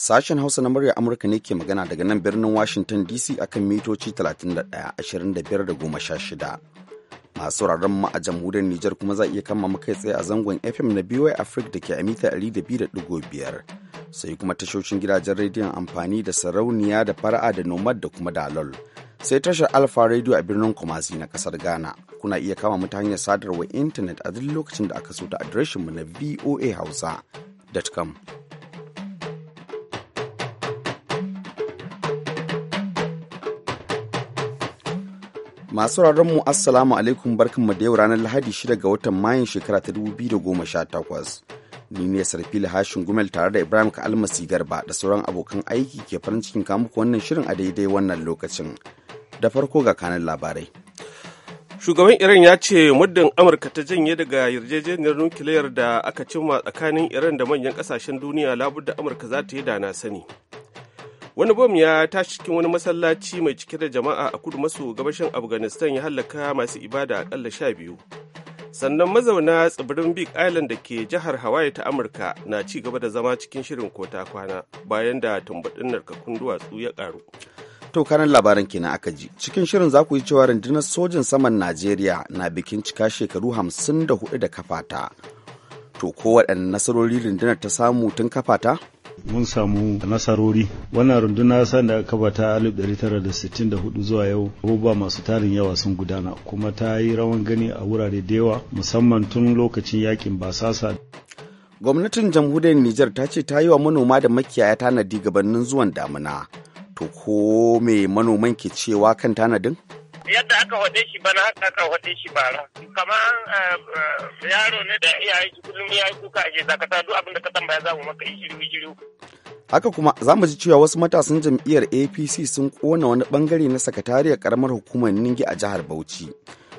Sashen Hausa na murya Amurka ne ke magana daga nan birnin Washington DC akan mitoci 31-25-16. Masu wuraren mu a jamhuriyar Nijar kuma za iya kama mu kai tsaye a zangon FM na BY Africa da ke a mita 200.5. Sai kuma tashoshin gidajen rediyon amfani da sarauniya da fara'a da nomad da kuma dalol. Sai tashar Alfa Radio a birnin Kumasi na kasar Ghana. Kuna iya kama mu ta hanyar sadarwa intanet a duk lokacin da aka so ta adireshinmu na voahausa.com. Masu mu Assalamu alaikum barkan barkanmu da yau ranar Lahadi 6 ga watan Mayun shekara ta 2018. Ni ne sarfil Hashin Gumel tare da Ibrahim ka almasi Garba da sauran abokan aiki ke farin cikin muku wannan shirin a daidai wannan lokacin. Da farko ga kanan labarai. Shugaban Iran ya ce muddin Amurka ta janye daga yarjejeniyar nukiliyar da aka cimma tsakanin Iran da manyan kasashen duniya labudda Amurka za ta yi da na sani. wani bom ya tashi cikin wani masallaci mai cike da jama'a a kudu maso gabashin afghanistan ya halaka masu ibada akalla sha biyu sannan mazauna tsibirin big island da ke jihar hawaii ta amurka na ci gaba da zama cikin shirin kota kwana bayan da tumbaɗin narkakun duwatsu ya karu to kanan labaran kenan aka ji cikin shirin za ku yi cewa rundunar sojin saman najeriya na bikin cika shekaru hamsin da hudu da kafata to ko waɗanne nasarori rundunar ta samu tun kafata mun samu nasarori wannan runduna san da aka bata 1964 zuwa yau abubuwa masu tarin yawa sun gudana kuma ta yi rawan gani a wurare da yawa musamman tun lokacin yakin basasa gwamnatin jamhuriyar niger ta ce ta yi wa manoma da makiyaya tanadi gabanin zuwan damina to ko me manoman ke cewa kan tanadin aka haɗe shi bana haka aka haɗe shi bara kamar eh, yaro ne da iyaye kullum ya yi kuka a ta duk abin ka tambaya za mu maka yi shiru shiru haka kuma za mu ji cewa wasu matasan jam'iyyar apc sun kona wani bangare na sakatariyar karamar hukumar ningi a jihar bauchi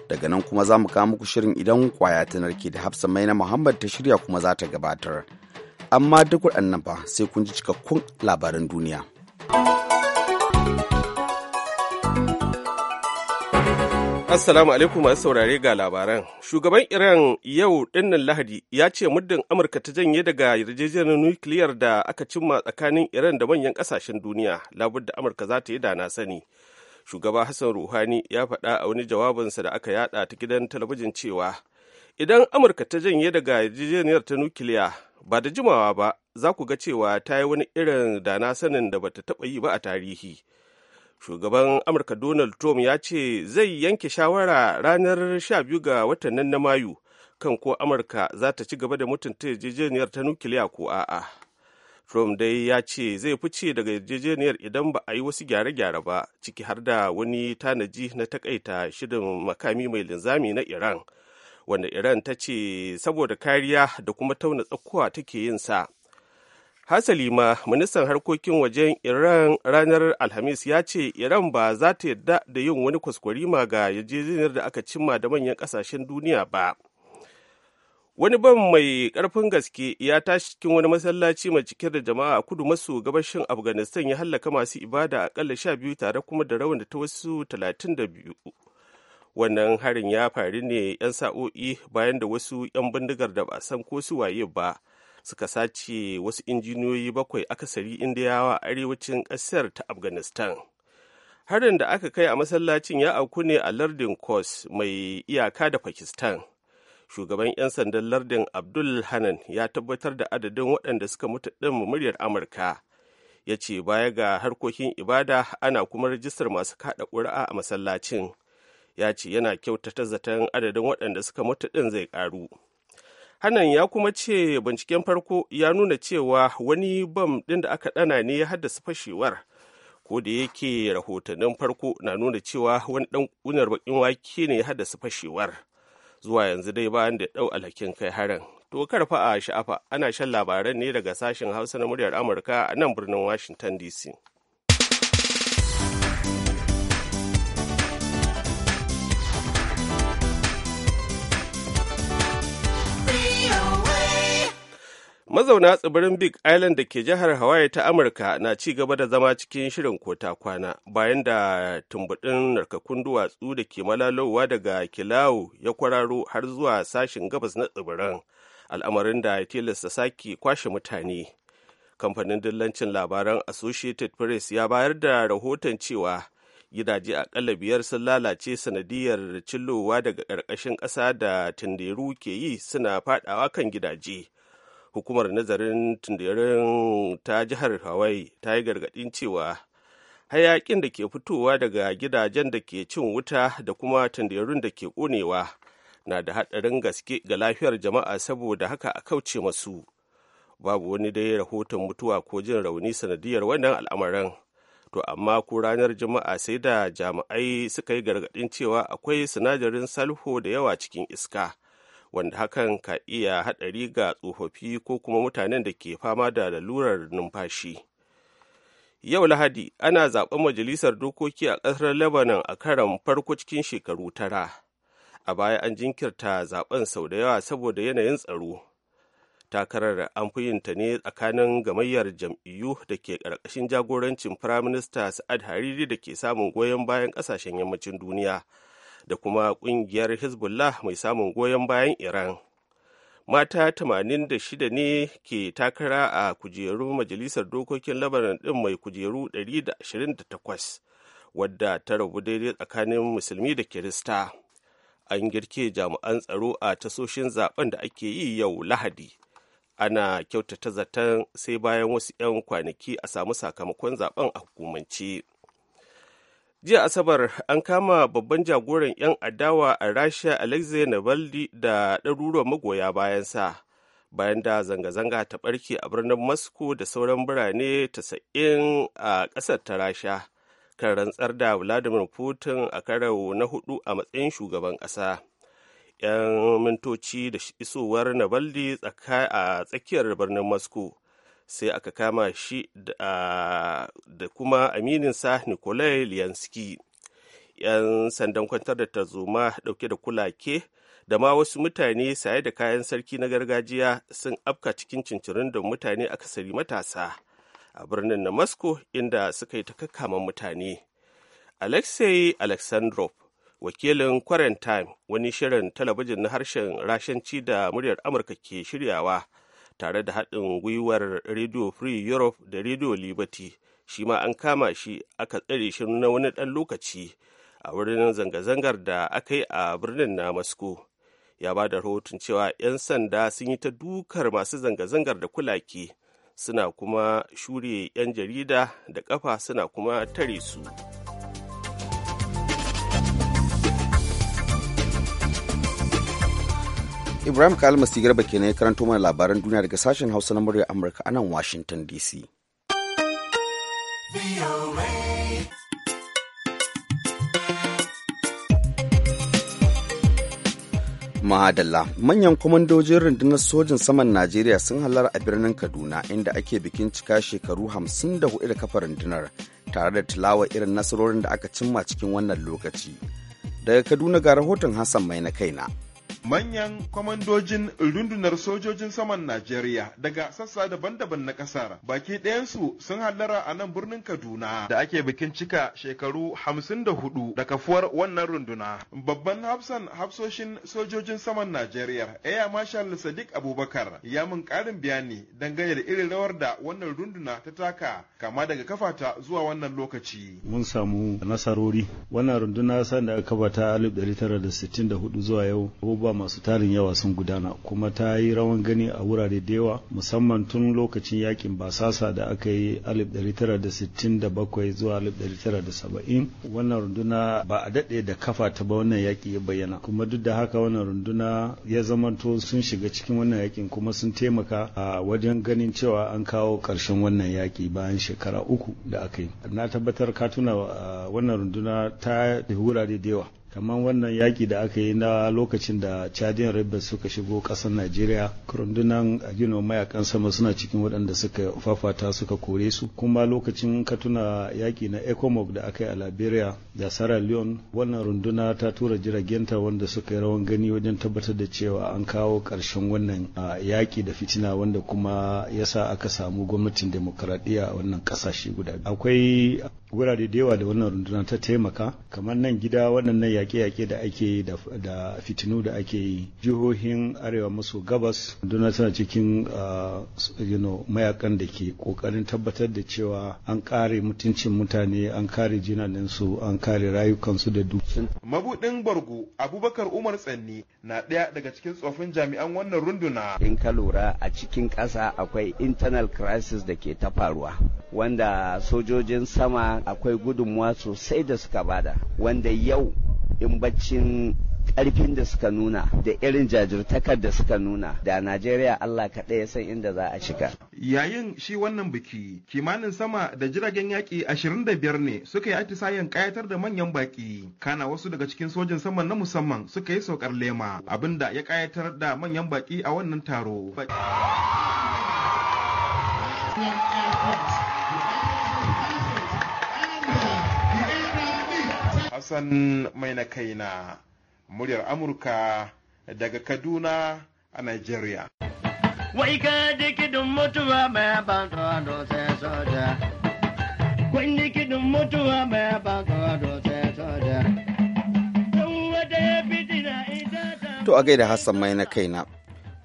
daga nan kuma za mu kawo muku shirin idan kwaya ta narke da hafsa na muhammad ta shirya kuma za ta gabatar amma duk waɗannan fa sai kun ji cikakkun labaran duniya. Assalamu alaikum masu saurare ga labaran. Shugaban Iran yau dinnan Lahadi ya ce muddin Amurka ta janye daga yarjejeniyar nukiliyar da aka cimma tsakanin Iran da manyan kasashen duniya, labar da Amurka za ta yi da na sani. Shugaba Hassan Ruhani ya faɗa a wani jawabinsa da aka yada ta gidan talabijin cewa idan Amurka ta janye daga yarjejeniyar ta nukiliya ba da jimawa ba za ku ga cewa ta yi wani irin da na sanin da bata taɓa yi ba a tarihi. shugaban amurka donald trump ya ce zai yanke shawara ranar 12 ga watan nan na mayu kan ko amurka za ta ci gaba da mutunta yarjejeniyar ta nukiliya ko a'a trump dai ya ce zai fice daga yarjejeniyar idan ba a yi wasu gyare-gyare ba ciki har da wani tanaji na takaita shirin makami mai linzami na iran wanda iran ta ce saboda kariya da kuma tauna tsakuwa take yin sa hasali ma ministan harkokin wajen iran ranar alhamis ya ce iran ba za ta yadda da yin wani kwaskwarima ga yarjejeniyar da aka cimma da manyan kasashen duniya ba wani ban mai karfin gaske ya tashi cikin wani masallaci mai cike da jama'a a kudu maso gabashin afghanistan ya hallaka masu ibada akalla sha biyu tare kuma da rawan da ta wasu talatin da biyu wannan harin ya faru ne 'yan sa'o'i bayan da wasu 'yan bindigar da ba san ko su waye ba suka sace wasu injiniyoyi bakwai akasari indiyawa arewacin ƙasar ta afghanistan harin da aka kai a masallacin ya auku ne a lardin kos mai iyaka da pakistan shugaban 'yan sandan lardin abdul hanan ya tabbatar da adadin waɗanda suka mutu ɗin muryar amurka ya ce baya ga harkokin ibada ana kuma rajistar masu kaɗa ƙuri'a a masallacin ya ce yana kyautata zaton adadin waɗanda suka mutu ɗin zai ƙaru Hannan ya kuma ce binciken farko ya nuna cewa wani bam ɗin da aka ɗana ne ya haddasa fashewar. Ko da yake rahotannin farko na nuna cewa wani ɗan kunar baƙin wake ne ya haddasa fashewar. Zuwa yanzu dai bayan da ɗau alhakin kai harin. To karfa a sha'afa ana shan labaran ne daga sashen Hausa na muryar Amurka a nan birnin Washington DC. mazauna tsibirin big island da ke jihar hawaii ta amurka na ci gaba da zama cikin shirin kota kwana bayan da tumbudin narkakun duwatsu da ke malalowa daga kilawu ya kwararo har zuwa sashen gabas na tsibirin al'amarin da ya tilasta sake kwashe mutane kamfanin dillancin labaran associated press ya bayar da rahoton cewa gidaje akalla biyar sun lalace sanadiyar cillowa daga ƙarƙashin ƙasa da tanderu ke yi suna faɗawa kan gidaje hukumar nazarin tundirin ta jihar hawaii ta yi gargadin cewa hayaƙin da ke fitowa daga gidajen da ke cin wuta da kuma tundirin da ke ƙonewa na da haɗarin gaske ga lafiyar jama'a saboda haka a kauce masu babu wani dai rahoton mutuwa ko jin rauni sanadiyar wannan al'amarin to amma ko ranar juma'a sai da jami'ai suka yi gargaɗin cewa akwai sinadarin salho da yawa cikin iska wanda hakan ka iya haɗari ga tsofaffi ko kuma mutanen da ke fama da lalurar numfashi yau lahadi ana zaben majalisar dokoki a ƙasar lebanon a karan farko cikin shekaru tara a baya an jinkirta zaben sau da yawa saboda yanayin tsaro takarar an fi yin ta ne tsakanin gamayyar jam'iyyu da ke ƙarƙashin jagorancin firaminista sa'ad hariri da ke samun goyon bayan ƙasashen yammacin duniya da kuma ƙungiyar hezbollah mai samun goyon bayan iran mata 86 ne ke takara a kujeru majalisar dokokin labarin din mai kujeru 128 wadda ta rabu daidai tsakanin musulmi da kirista an girke jami'an tsaro a tasoshin zaben da ake yi yau lahadi ana kyautata zaton sai bayan wasu 'yan kwanaki a samu sakamakon zaben a hukumance jiya asabar an kama babban jagoran 'yan adawa a rasha alexei navalny da ɗaruruwan magoya bayansa bayan da zanga-zanga ta ɓarke a birnin moscow da sauran birane ta a ƙasar ta rasha kan rantsar da vladimir putin a karo na hudu a matsayin shugaban ƙasa 'yan mintoci da isowar navalny a tsakiyar birnin moscow sai aka kama shi da kuma amininsa nikolai liyanski 'yan sandan kwantar da tarzoma dauke da kulake da ma wasu mutane saye da kayan sarki na gargajiya sun afka cikin cincirin da mutane sari matasa a birnin na moscow inda suka yi ta mutane alexei alexandrov wakilin quarantine wani shirin talabijin na harshen rashanci da muryar amurka ke shiryawa tare da haɗin gwiwar radio free europe da radio liberty shi ma an kama shi aka tsare shi na wani ɗan lokaci a wurin zanga-zangar da aka yi a birnin na moscow ya ba da rahoton cewa 'yan sanda sun yi ta dukar masu zanga-zangar da kulaki suna kuma shure 'yan jarida da kafa suna kuma tare su. Ibrahim Kalmasi Garba ke ya karanto mana labaran duniya daga sashen Hausa na murya Amurka a nan Washington DC. Mahadalla manyan kwamandojin rundunar sojin saman Najeriya sun halar a birnin Kaduna inda ake bikin cika shekaru 54 da kafa rundunar tare da tilawa irin nasarorin da aka cimma cikin wannan lokaci. Daga Kaduna ga rahoton Hassan mai na kaina. Manyan kwamandojin rundunar sojojin saman Najeriya daga sassa daban-daban na ƙasar baki ɗayansu sun hallara a nan birnin Kaduna da ake bikin cika shekaru hamsin da hudu da kafuwar wannan runduna. Babban hafsan hafsoshin sojojin saman Najeriya Air Marshal Sadiq Abubakar ya mun ƙarin bayani dangane da irin rawar da wannan runduna ta taka kama daga kafata zuwa wannan lokaci. Mun samu nasarori. Wannan runduna san da aka kafa ta 1964 zuwa yau. abubuwa masu tarin yawa sun gudana kuma ta yi rawan gani a wurare da yawa musamman tun lokacin yakin basasa da aka yi 1967 zuwa 1970 wannan runduna ba a daɗe da kafa ta ba wannan yaƙi ya bayyana kuma duk da haka wannan runduna ya to sun shiga cikin wannan yakin kuma sun taimaka a wajen ganin cewa an kawo ƙarshen wannan yaƙi bayan shekara uku da aka yi na tabbatar ka tuna wannan runduna ta wurare da yawa kamar wannan yaƙi da aka yi na lokacin da chadian rebels suka shigo ƙasar najeriya rundunan agino mayakan sama suna cikin waɗanda suka fafata suka kore su kuma lokacin katuna yaƙi na ecomog da aka yi a liberia da sierra leone wannan runduna ta tura jiragenta wanda suka yi rawan gani wajen tabbatar da cewa an kawo ƙarshen wannan yaƙi da fitina wanda kuma yasa aka samu gwamnatin demokaradiyya a wannan ƙasashe guda akwai wurare da yawa da wannan runduna ta taimaka kamar nan gida waɗannan yaƙe-yaƙe da ake yi da fitinu da ake yi jihohin arewa maso gabas duna suna cikin ah, mayakan da ke ƙoƙarin tabbatar da cewa an kare mutuncin mutane an kare jinaninsu an kare rayukansu da dukkan. mabuɗin bargo abubakar umar tsanni na ɗaya daga cikin tsofin jami'an wannan runduna in ka lura a cikin ƙasa akwai internal crisis da ke ta faruwa wanda sojojin sama akwai gudunmuwa sosai da suka bada wanda yau in baccin ƙarfin da suka nuna da irin jajirtakar da suka nuna da Najeriya Allah kaɗai ya san inda za a shiga. Yayin shi wannan biki kimanin sama da jiragen yaƙi 25 ne suka yi atisayen ƙayatar da manyan baƙi kana wasu daga cikin sojin saman na musamman suka yi saukar lema abinda ya ƙayatar da manyan baƙi a wannan taro. Hassan mai na kaina muryar Amurka daga Kaduna a Nigeria. Wai ka ji kidin mutuwa mai bantuwa dose soja. Kun ji kidin mutuwa mai bantuwa dose soja. To a gaida Hassan mai na kaina.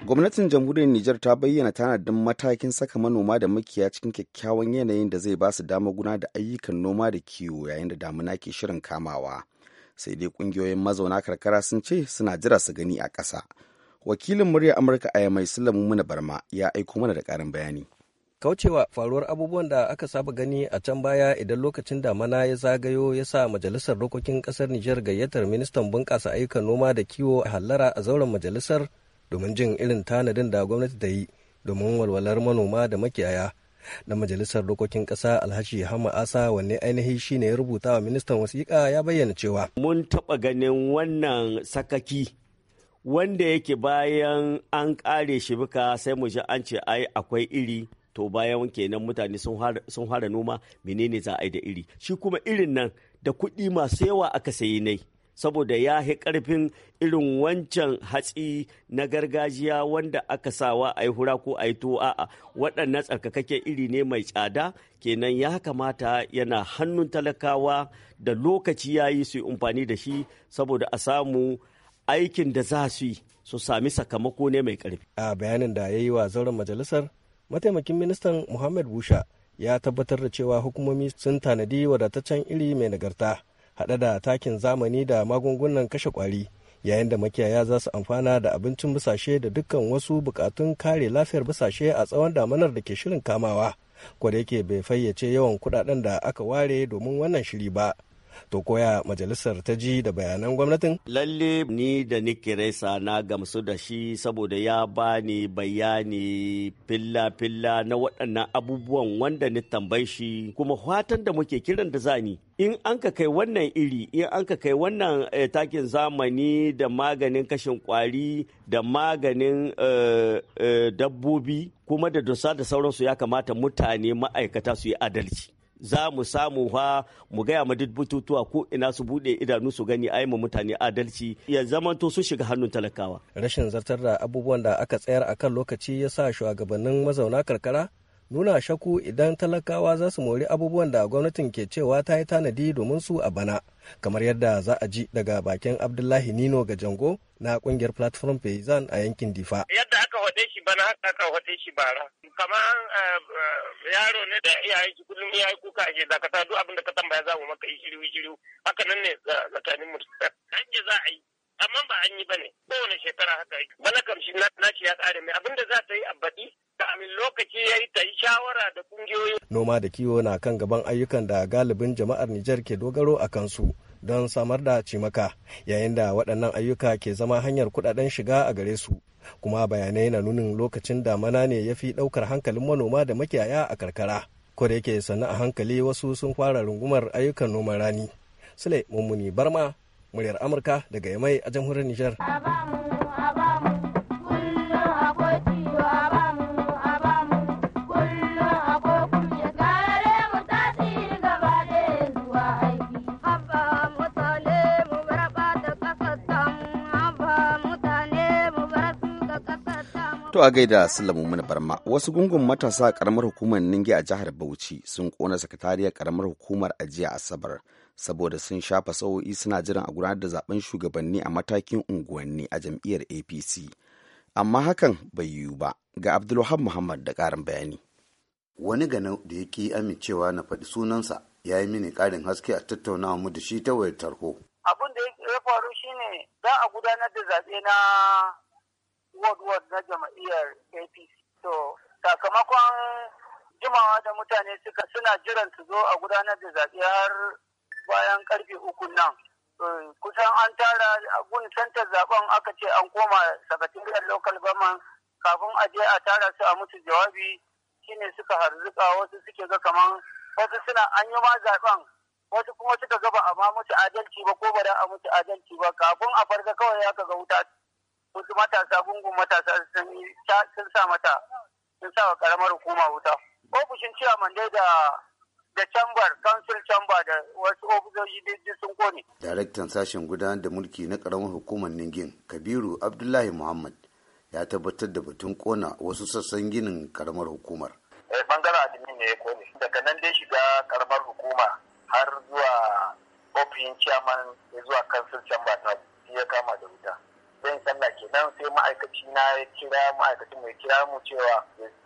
gwamnatin jamhuriyar nijar ta bayyana tanadin matakin saka manoma da makiya cikin kyakkyawan yanayin da zai basu su dama guna da ayyukan noma da kiwo yayin da damuna ke shirin kamawa sai dai kungiyoyin mazauna karkara sun ce suna jira su gani a ƙasa wakilin muryar amurka a mai sulamu muna barma ya aiko mana da ƙarin bayani kaucewa faruwar abubuwan da aka saba gani a can baya idan lokacin damana ya zagayo ya sa majalisar dokokin kasar Nijar gayyatar ministan bunƙasa ayyukan noma da kiwo a hallara a zauren majalisar domin jin irin tanadin da gwamnati ta yi domin walwalar manoma da makiyaya na majalisar dokokin ƙasa alhashi hama asa wanne ainihi shine ya rubuta wa ministan wasiƙa ya bayyana cewa mun taɓa ganin wannan sakaki wanda yake bayan an ƙare shi bika sai mu ji an ce ai akwai iri to bayan kenan mutane sun hara noma menene za a yi da iri shi kuma irin nan da kuɗi masu yawa aka sayi nai saboda ya fi karfin irin wancan hatsi na gargajiya wanda aka sawa a yi hura ko a yi tuwo a'a waɗannan tsarkakakken iri ne mai tsada kenan ya kamata yana hannun talakawa da lokaci ya yi su yi amfani da shi saboda a samu aikin da za su yi su sami sakamako ne mai ƙarfi. a bayanin da ya yi wa zauren majalisar mataimakin ministan muhammad busha ya tabbatar da cewa hukumomi sun tanadi wadataccen iri mai nagarta haɗe da takin zamani da magungunan kashe ƙwari yayin da makiyaya za su amfana da abincin busashe da dukkan wasu bukatun kare lafiyar busashe a tsawon damanar da ke shirin kamawa ko da yake bai fayyace yawan kudaden da aka ware domin wannan shiri ba To koya majalisar ta ji da bayanan gwamnatin? Lalle ni da Nick na gamsu da shi saboda ya bani bayani filla-filla na waɗannan abubuwan wanda ni tambayi shi kuma fatan da muke kiran da zani. In an ka kai wannan iri, in an ka kai wannan eh, takin zamani da maganin kashin kwari da maganin eh, eh, dabbobi kuma da dusa da sauransu ya kamata mutane ma'aikata su yi adalci. za mu samu fa mu gaya ma duk bututuwa ko ina su buɗe idanu su gani ai ma mutane adalci ya zamanto su shiga hannun talakawa. Rashin zartar da abubuwan da aka tsayar akan lokaci ya sa shugabannin mazauna karkara nuna shaku idan talakawa za su mori abubuwan da gwamnatin ke cewa ta yi tanadi domin su a bana kamar yadda za a ji daga bakin abdullahi nino ga jango na kungiyar platform payzan a yankin difa yadda aka hode shi bana haka aka hode shi bara kamar eh, yaro ne da iyaye yi kullum ya yi kuka ke dakata duk abin da ka tambaya za mu maka yi shiru shiru haka nan ne tsakanin mu za a yi ba an yi ne. kowane shekara haka bana kamshi na ya kare mai abin da za ta yi a baɗi kamin lokaci ya yi ta yi shawara da kungiyoyi. Noma da kiwo na kan gaban ayyukan da galibin jama'ar Nijar ke dogaro a kansu don samar da cimaka yayin da waɗannan ayyuka ke zama hanyar kuɗaɗen shiga a gare su. Kuma bayanai na nunin lokacin da mana ne ya fi ɗaukar hankalin manoma da makiyaya a karkara. Ko da yake sannu a hankali wasu sun fara rungumar ayyukan noman rani. Sule Mummuni Barma, muryar Amurka daga Yamai a jamhuriyar Nijar. To a gaida Sallamu mana barma wasu gungun matasa karamar hukumar Ningi a jihar Bauchi sun kona sakatariyar karamar hukumar a jiya Asabar saboda sun shafa sa'o'i suna jiran a gudanar da zaben shugabanni a matakin unguwanni a jam'iyyar APC. Amma hakan bai yiwu ba ga Abdulwahab Muhammad da ƙarin bayani. Wani gano da yake amincewa na faɗi sunansa ya yi mini ƙarin haske a tattaunawa mu da shi ta wayar tarho. Abin da ya faru shine za a gudanar da zaɓe na ward ward na jama'iyyar apc to sakamakon jimawa da mutane suka suna jiran su zo a gudanar da zaɓe har bayan karfe uku nan kusan an tara gun santar zaben aka ce an koma sakatiriyar local government kafin a je a tara su a mutu jawabi shine suka harzuka wasu suke ga kaman wasu suna an yi ma zaben wasu kuma suka gaba ba a ma musu adalci ba ko ba da a musu adalci ba kafin a farga kawai ya ga wuta wasu matasa gungun matasa sun sa mata sun sa wa karamar hukuma wuta ofishin ciyaman dai da da chamber council chamber da wasu ofisoshi duk sun kone daraktan sashen gudanar da mulki na karamar hukumar ningin kabiru abdullahi muhammad ya tabbatar da batun kona wasu sassan ginin karamar hukumar bangaren eh, admin ne ya kone daga nan dai shiga karamar hukuma har zuwa ofishin ciyaman zuwa council chamber ta ya kama da zan sallah kenan sai ma'aikaci na ya kira ma'aikacin mai kira mu cewa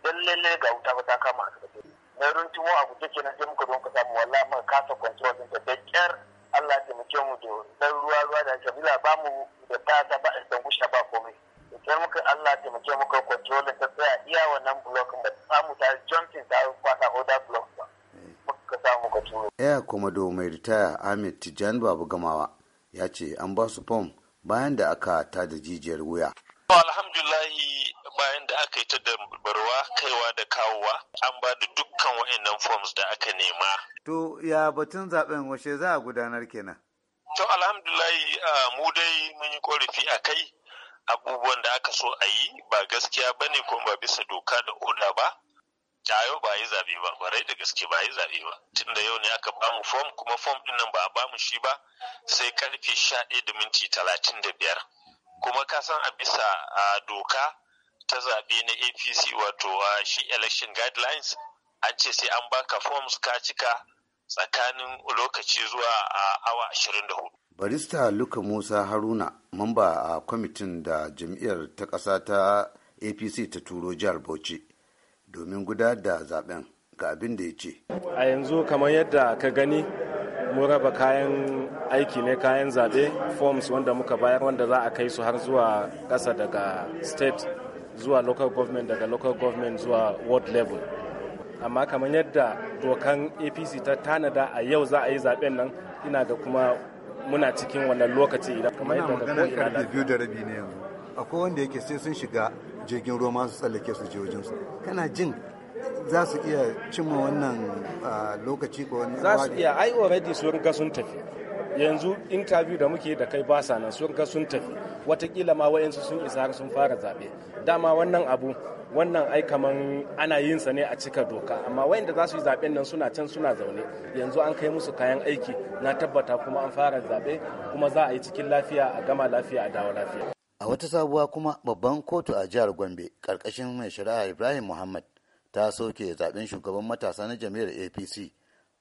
lalle ga wuta ba ta kama a na runtumo a guje kenan sai muka don ka samu wala muka kasa kwanciya din da kyar Allah ya taimake mu da dan ruwa ruwa da kabila ba mu da ta ta ba da gushe ba komai sai muka Allah ya taimake muka kwanciya ta tsaya iya wannan block ba samu ta jumping ta kwasa oda block ba muka samu ka turo kuma do mai ritaya Ahmed Tijan babu gamawa ya ce an ba su fom bayan da aka ta da jijiyar wuya. alhamdulahi bayan da aka yi ta da barwa kaiwa da kawowa an ba da dukkan wa'annan forms da aka nema. To ya batun zaben washe za a gudanar kenan? To alhamdulahi mu dai mun yi korafi a kai abubuwan da aka so a yi ba gaskiya ba kuma ba bisa doka da oda ba. a yau ba yi zaɓe ba kwarai da gaske ba yi zaɓe ba tunda yau ne aka bamu fom kuma fom ɗinnan nan ba a bamu shi ba sai karfe sha ɗaya da minti talatin da biyar kuma ka san a bisa a doka ta zaɓe na apc wato shi election guidelines an ce sai an baka forms ka cika tsakanin lokaci zuwa a awa 24 barista luka musa haruna mamba a kwamitin da jam'iyyar ta ƙasa ta apc ta turo jihar bauchi domin gudanar da zaben ga abin da ya ce. A yanzu kamar yadda ka gani mun raba kayan aiki ne kayan zaɓe forms wanda muka bayar wanda za a kai su har zuwa ƙasa daga state zuwa local government daga local government zuwa world level. Amma kamar yadda dokan APC ta tanada a yau za a yi zaɓen nan ina ga kuma muna cikin wannan lokaci idan kamar yadda ko ina da. biyu da rabi ne yanzu. Akwai wanda yake sai sun shiga jirgin ruwa masu tsallake su je wajensu kana jin za su iya cimma wannan lokaci ko wani za su iya ai already sun ga sun tafi yanzu interview da muke da kai basa nan sun ga sun tafi watakila ma wayansu sun isa sun fara zabe dama wannan abu wannan ai kaman ana yin sa ne a cika doka amma wayanda za su yi zaɓen nan suna can suna zaune yanzu an kai musu kayan aiki na tabbata kuma an fara zaɓe kuma za a yi cikin lafiya a gama lafiya a dawo lafiya A wata sabuwa kuma babban kotu a jihar Gombe karkashin mai shari'a Ibrahim Muhammad ta soke zaben shugaban matasa na jami'ar APC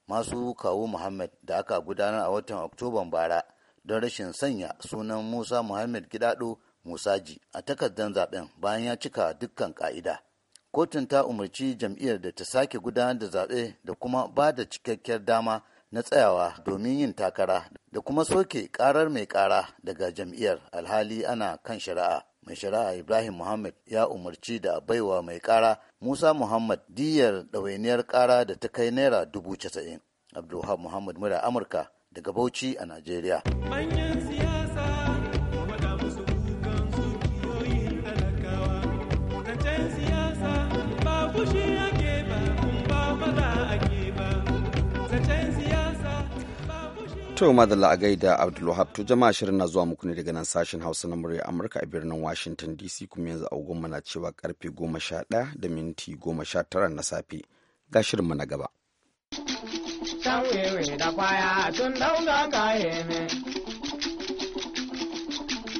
masu kawo Muhammad da aka gudanar a watan Oktoban bara don rashin sanya sunan Musa Muhammad Gidado Musaji a takardar zaben bayan ya cika dukkan ka'ida. Kotun ta umarci jam'iyyar da ta sake gudanar da zaɓe da kuma ba da cikakkiyar dama na tsayawa domin yin takara da kuma soke karar mai kara daga jam'iyyar alhali ana kan shari'a mai shari'a ibrahim muhammad ya umarci da baiwa mai kara musa muhammad diyar ɗawainiyar kara da ta kai naira dubu casa'in abdulhab muhammad mura amurka daga bauchi a najeriya To madalla a gaida Abdulwahab to jama'a shirin na zuwa muku ne daga nan sashen Hausa na murya Amurka a birnin Washington DC kuma yanzu agogon na cewa karfe goma sha ɗaya da minti goma sha tara na safe ga shirin mu na gaba.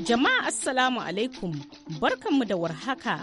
Jama'a Assalamu alaikum barkanmu da warhaka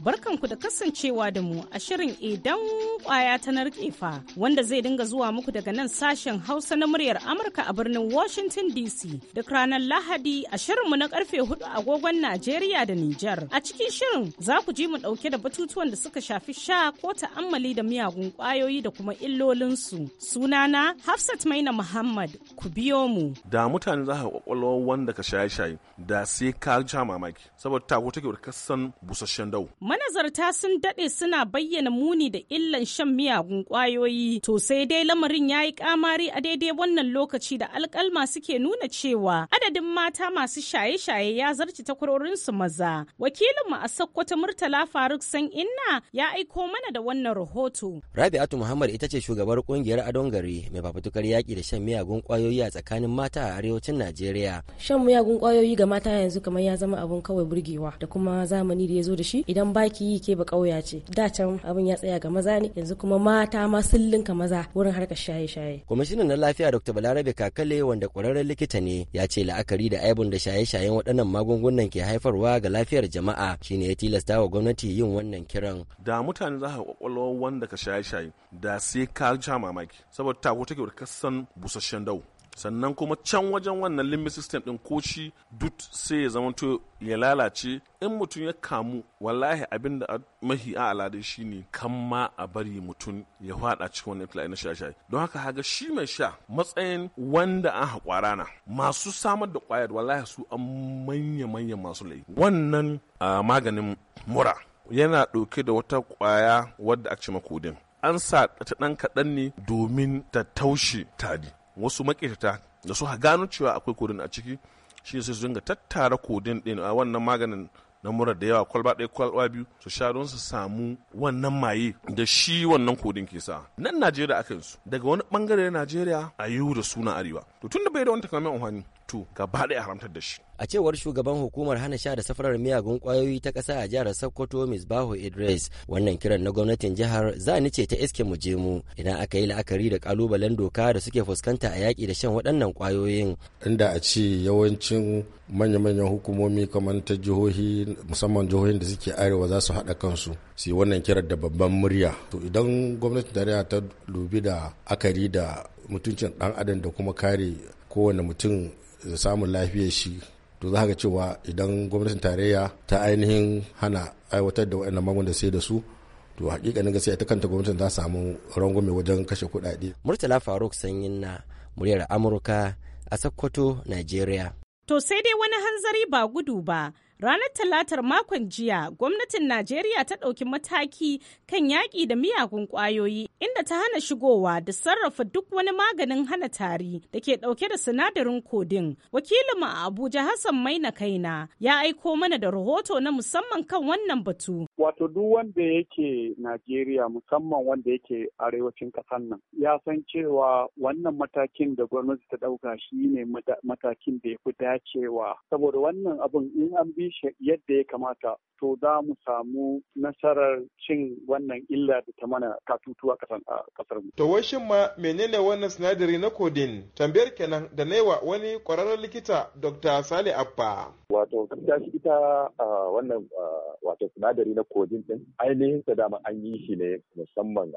barkanku da kasancewa da mu a shirin idan kwaya ta narkefa wanda zai dinga zuwa muku daga nan sashen hausa na muryar amurka a birnin washington dc duk ranar lahadi a shirinmu na karfe 4 agogon najeriya da nijar a cikin shirin za ku ji mu dauke da batutuwan da suka shafi sha ko ta'ammali da miyagun kwayoyi da kuma illolinsu sunana hafsat maina muhammad ku biyo mu da mutane za ka kwakwalwa wanda ka shaye-shaye da sai ka ja mamaki saboda ta take da kasan busasshen dau. Manazarta sun daɗe suna bayyana muni da illan shan miyagun ƙwayoyi. To sai dai lamarin ya yi ƙamari a daidai wannan lokaci da alƙalma suke nuna cewa adadin mata masu shaye-shaye ya zarci takwarorinsu maza. Wakilinmu a Sokoto Murtala Faruk San Inna ya aiko mana da wannan rahoto. Rabi'atu Muhammad ita ce shugabar ƙungiyar Adon Gari mai fafutukar yaƙi da shan miyagun ƙwayoyi a tsakanin mata a arewacin Najeriya. Shan miyagun ƙwayoyi ga mata yanzu kamar ya zama abun kawai burgewa. da kuma zamani da ya zo da shi idan baki yi ke ba kauya ce da can abin ya tsaya ga maza ne yanzu kuma mata ma sun linka maza wurin harkar shaye-shaye. kwamishinan na lafiya dr balarabe kakale wanda kwararren likita ne ya ce la'akari da aibun da shaye-shayen waɗannan magungunan ke haifarwa ga lafiyar jama'a shine ya tilasta wa gwamnati yin wannan kiran. da mutane za ka kwakwalwa wanda ka shaye-shaye da sai ka ja mamaki saboda ta take da kasan busasshen dau sannan kuma can wajen wannan limbic system din ko shi dut sai ya zama to ya lalace in mutum ya kamu wallahi abin da mahi a alade ne kan ma a bari mutum ya fada cikin wani iftila'i na shaye-shaye don haka haga shi mai sha matsayin wanda an haƙwa na masu samar da ƙwayar wallahi su an manya-manya masu lai wannan maganin mura yana ɗauke da wata ƙwaya wadda a cima kodin an sa ta ɗan kaɗan ne domin ta taushe tari. wasu makitata da su gano cewa akwai kodin a ciki shi sai su dinga tattara kodin din a wannan maganin na mura da yawa kwalba ɗaya kwalba biyu su sha don su samu wannan maye da shi wannan kodin ke sa nan najeriya akan su daga wani bangare na najeriya a yiwu da suna arewa to tun da bai da wani takamaiman amfani mutu gaba ɗaya haramtar da shi a cewar shugaban hukumar hana sha da safarar miyagun kwayoyi ta ƙasa a jihar sokoto Bahu idris wannan kiran na gwamnatin jihar za ni ce ta iske mu je mu idan aka yi la'akari da kalubalen doka da suke fuskanta a yaƙi da shan waɗannan kwayoyin inda a ce yawancin manya-manyan hukumomi kamar ta jihohi musamman jihohin da suke arewa za su haɗa kansu su yi wannan kiran da babban murya to idan gwamnatin tarayya ta dubi da akari da mutuncin ɗan adam da kuma kare kowane mutum da samun lafiyar shi to za ka cewa idan gwamnatin tarayya ta ainihin hana aiwatar da waɗannan da sai da su to hakikanin gaskiya ta kanta gwamnatin ta samu rangwame wajen kashe kuɗaɗe. Murtala Faruk Sanyin na muryar Amurka a Sokoto, Najeriya. To sai dai wani hanzari ba gudu ba, Ranar Talatar makon jiya, gwamnatin Najeriya ta ɗauki mataki kan yaƙi da miyagun ƙwayoyi inda ta hana shigowa da sarrafa duk wani maganin hana tari da ke ɗauke da sinadarin kodin. Wakilin a Abuja Hassan Maina Kaina ya aiko mana da rahoto na musamman kan wannan batu. Wato duk wanda yake Najeriya musamman wanda yake arewacin ƙasar nan ya san cewa wannan matakin da gwamnati ta ɗauka shi ne matakin da ya fi dacewa saboda wannan abun in an bi shi yadda ya kamata to za mu samu nasarar cin wannan illa da ta mana katutuwa a kasar mu. To wai ma menene wannan sinadari na kodin? Tambayar kenan da naiwa wani kwararren likita Dr. Sale Abba. Wato gaskiya shi ita wannan wato sinadari na kodin din ainihin sa dama an yi shi ne musamman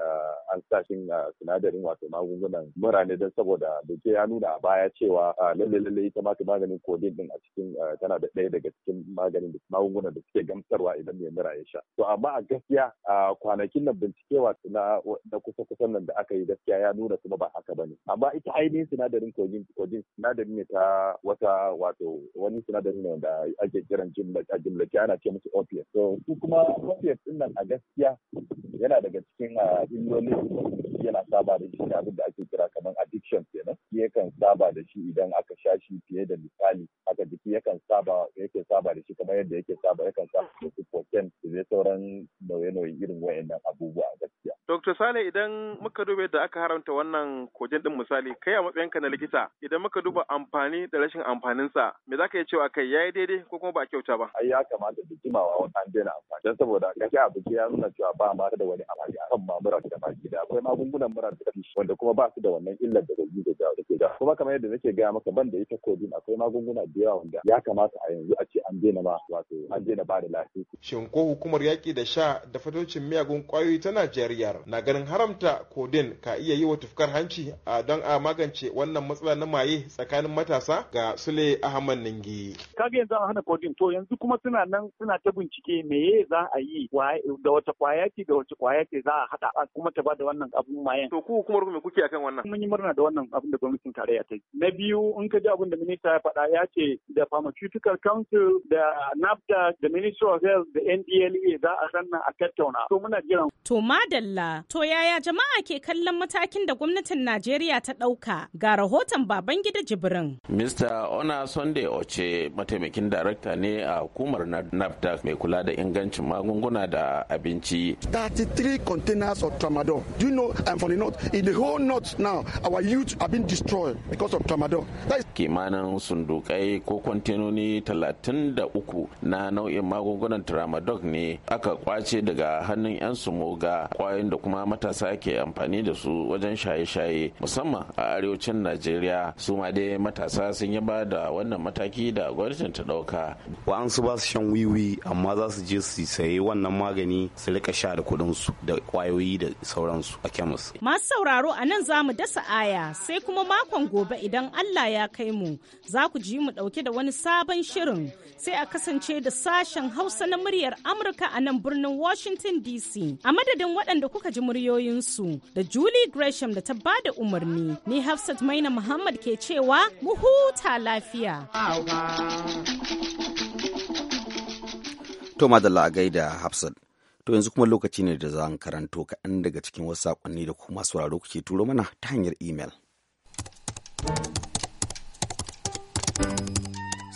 an sa shi sinadarin wato magungunan mura ne don saboda da ya nuna a baya cewa lalle lalle ita ma maganin kodin din a cikin tana da ɗaya daga cikin maganin da magungunan da suke gamsarwa idan mai mura ya sha to amma a gaskiya a kwanakin nan bincike wato na kusa kusan nan da aka yi gaskiya ya nuna kuma ba haka bane amma ita ainihin sinadarin kogin kogin sinadari ne ta wata wato wani sinadari ne da ake kiran jimla a jimlaci ana ce musu opiate so su kuma opiate din nan a gaskiya yana daga cikin illoli yana saba da shi abin da ake kira kamar addiction kenan yakan saba da shi idan aka sha shi fiye da misali haka jiki yakan saba yake saba da shi kamar yadda yake saba yakan sa su koken su zai sauran nauye nauyen irin wayannan abubuwa gaskiya. Dr. Sale idan muka duba da aka haramta wannan kojin din misali kai a ka na likita idan muka duba amfani da rashin sa, me za ka yi cewa kai ya yi daidai ko kuma ba kyauta ba. Ai ya kamata da jimawa wani an daina amfani don saboda gaskiya abu ya nuna cewa ba ma da wani amfani a kan mura da ma gida akwai magungunan mura da wanda kuma ba su da wannan illar da zai da jawo da ke da kuma kamar yadda nake gaya maka ban da ita kodin akwai magunguna da yawa wanda ya kamata a yanzu a ce an daina daina ba wato an daina ba da lafiya. Shin ko hukumar yaƙi da sha da fatocin miyagun ƙwayoyi ta Najeriya na ganin haramta kodin ka iya yi wa tufkar hanci a don a magance wannan matsala na maye tsakanin matasa ga Sule Ahmad Ningi. Kaga yanzu an hana kodin to yanzu kuma suna nan suna ta bincike meye za a yi da wace ƙwaya ce da wace ƙwaya ce za a haɗa kuma ta ba da wannan abun mayen. To ku hukumar me kuke akan wannan? Mun yi murna da wannan abin da gwamnatin tarayya ta yi. Na biyu in ka ji abin da minista ya faɗa ya ce da pharmaceutical council da NAFTA da Ministry of Health da NDLEA za a sannan a tattauna. To muna jiran. To madalla, to yaya jama'a ke kallon matakin da gwamnatin Najeriya ta ɗauka ga rahoton baban gida Jibrin. Mr. Ona Sunday Oce mataimakin darakta ne a hukumar NAFTA mai kula da ingancin magunguna da abinci. 33 containers of tramadol. Do you know I'm from the north? In the whole north now, our youth have been destroyed because of tramadol. Kimanin sundukai ko kwantenoni uku na nau'in magungunan tramadol ne aka kwace daga hannun 'yan sumoga kwayoyin da kuma matasa ke amfani da su wajen shaye-shaye musamman a arewacin najeriya su ma dai matasa sun yi ba da wannan mataki da gwamnatin ta dauka wa'ansu ba su shan wiwi amma za su je su sayi wannan magani su rika sha da kuɗin su da kwayoyi da sauransu a kemis masu sauraro a nan za mu dasa aya sai kuma makon gobe idan allah ya kai mu za ku ji mu dauke da wani sabon shirin sai a kasance da sashen Hausa na muryar Amurka a nan birnin Washington DC. A madadin waɗanda kuka ji muryoyinsu da Julie Gresham da ta ba da umarni, ni Hafsat Maina Muhammad ke cewa mu huta lafiya. To madalla a gaida Hafsat. To yanzu kuma lokaci ne da zan karanto kaɗan daga cikin wasu saƙonni da kuma sauraro kuke turo mana ta hanyar imel.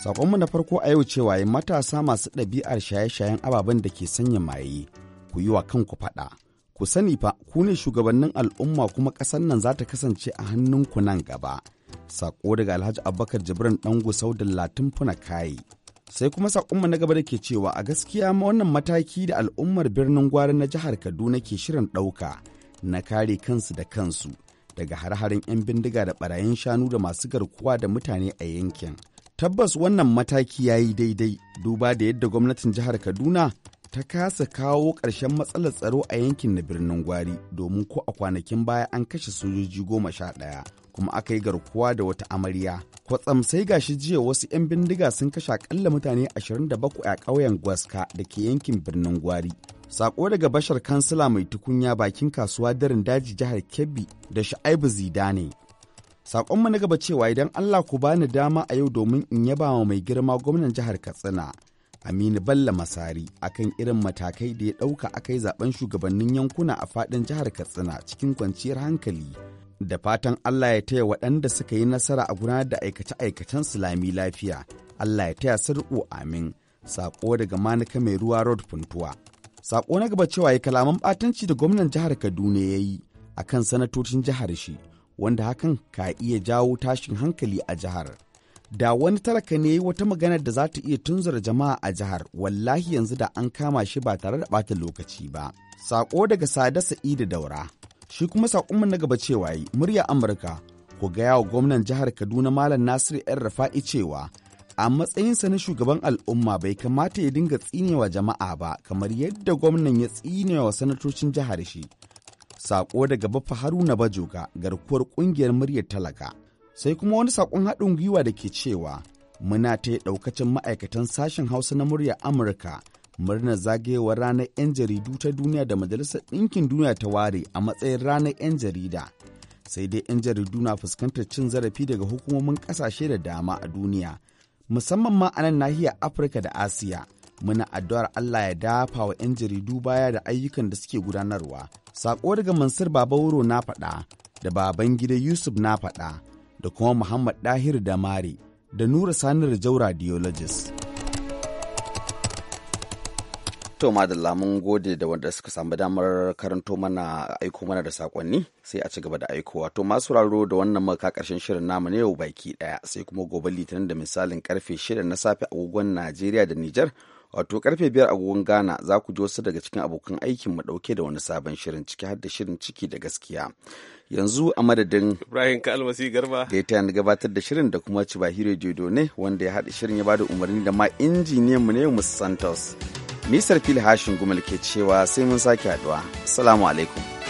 Saƙonmu na farko a yau cewa yi matasa masu ɗabi'ar shaye-shayen ababen da ke sanya maye, ku yi wa kanku faɗa. Ku sani fa, ku ne shugabannin al'umma kuma ƙasar nan za ta kasance a hannunku nan gaba. Saƙo daga Alhaji Abubakar Jibrin Dango Saudan Latin Funa Kayi. Sai kuma saƙonmu na gaba da ke cewa a gaskiya wannan mataki da al'ummar birnin gwari na jihar Kaduna ke shirin ɗauka na kare kansu da kansu daga har-harin 'yan bindiga da ɓarayin shanu da masu garkuwa da mutane a yankin. Tabbas wannan mataki ya yi daidai duba da yadda gwamnatin jihar Kaduna ta kasa kawo ƙarshen matsalar tsaro a yankin na birnin Gwari domin ko a kwanakin baya an kashe sojoji goma sha ɗaya kuma aka yi garkuwa da wata amarya. Kwatsam sai gashi jiya wasu 'yan bindiga sun kashe akalla mutane 27 a ƙauyen Gwaska da ke yankin birnin Gwari. Sako daga bashar kansila mai tukunya bakin kasuwa darin daji jihar Kebbi da Sha'ibu Zidane Saƙonmu na gaba cewa idan Allah ku bani dama a yau domin in yaba wa mai girma gwamnan jihar Katsina, Aminu Bello Masari, akan irin matakai da ya ɗauka akai zaben shugabannin yankuna a fadin jihar Katsina cikin kwanciyar hankali. Da fatan Allah ya taya waɗanda suka yi nasara a gudanar da aikace-aikacen sulami lafiya. Allah ya taya sarƙo amin. Saƙo daga manuka mai ruwa Road puntuwa Saƙo na gaba cewa ya kalaman batanci da gwamnan jihar Kaduna ya yi akan sanatocin jihar shi. wanda hakan ka iya jawo tashin hankali a jihar. Da wani talaka ne wata magana da za ta iya tunzura jama'a a jihar, wallahi yanzu da an kama shi ba tare da bata lokaci ba. Saƙo daga Sada Sa'idu Daura. Shi kuma saƙonmu na gaba cewa yi, murya Amurka, ku gaya wa gwamnan jihar Kaduna Malam Nasiru 'yan Rafa'i cewa a matsayinsa na shugaban al'umma bai kamata ya dinga tsinewa jama'a ba kamar yadda gwamnan ya tsinewa sanatocin jihar shi Saƙo daga bafa Haruna Bajoga garkuwar ƙungiyar muryar talaka. Sai kuma wani saƙon haɗin gwiwa da ke cewa muna ta yi ɗaukacin ma'aikatan sashen Hausa na muryar Amurka murnar zagayewar ranar 'yan jaridu ta duniya da Majalisar Ɗinkin Duniya ta ware a matsayin ranar 'yan jarida. Sai dai 'yan jaridu na fuskantar cin zarafi daga hukumomin ƙasashe da dama a duniya, musamman ma a nan nahiyar Afirka da Asiya. muna addu'ar Allah ya dafa wa 'yan jaridu baya da ayyukan da suke gudanarwa Saƙo daga Mansur Babawuro na faɗa da baban gida Yusuf na faɗa da kuma Muhammad Dahir da mari da Nura Sani Rajau Radiologist. To da lamun gode da wanda suka samu damar karanto mana aiko mana da sakonni sai a ci gaba da aikowa. To masu raro da wannan maka karshen shirin namu ne yau baki ɗaya sai kuma gobe litinin da misalin karfe shida na safe agogon Najeriya da Nijar. wato karfe biyar agogon ghana za ku ji wasu daga cikin abokan aikin mu dauke da wani sabon shirin ciki har da shirin ciki da gaskiya yanzu a madadin ibrahim ka almasi garba da ya tayar gabatar da shirin da kuma cibahiro jodo ne wanda ya haɗa shirin ya bada umarni da ma injiniyan mu ne mu santos nisar fili hashin gumal ke cewa sai mun sake haɗuwa assalamu alaikum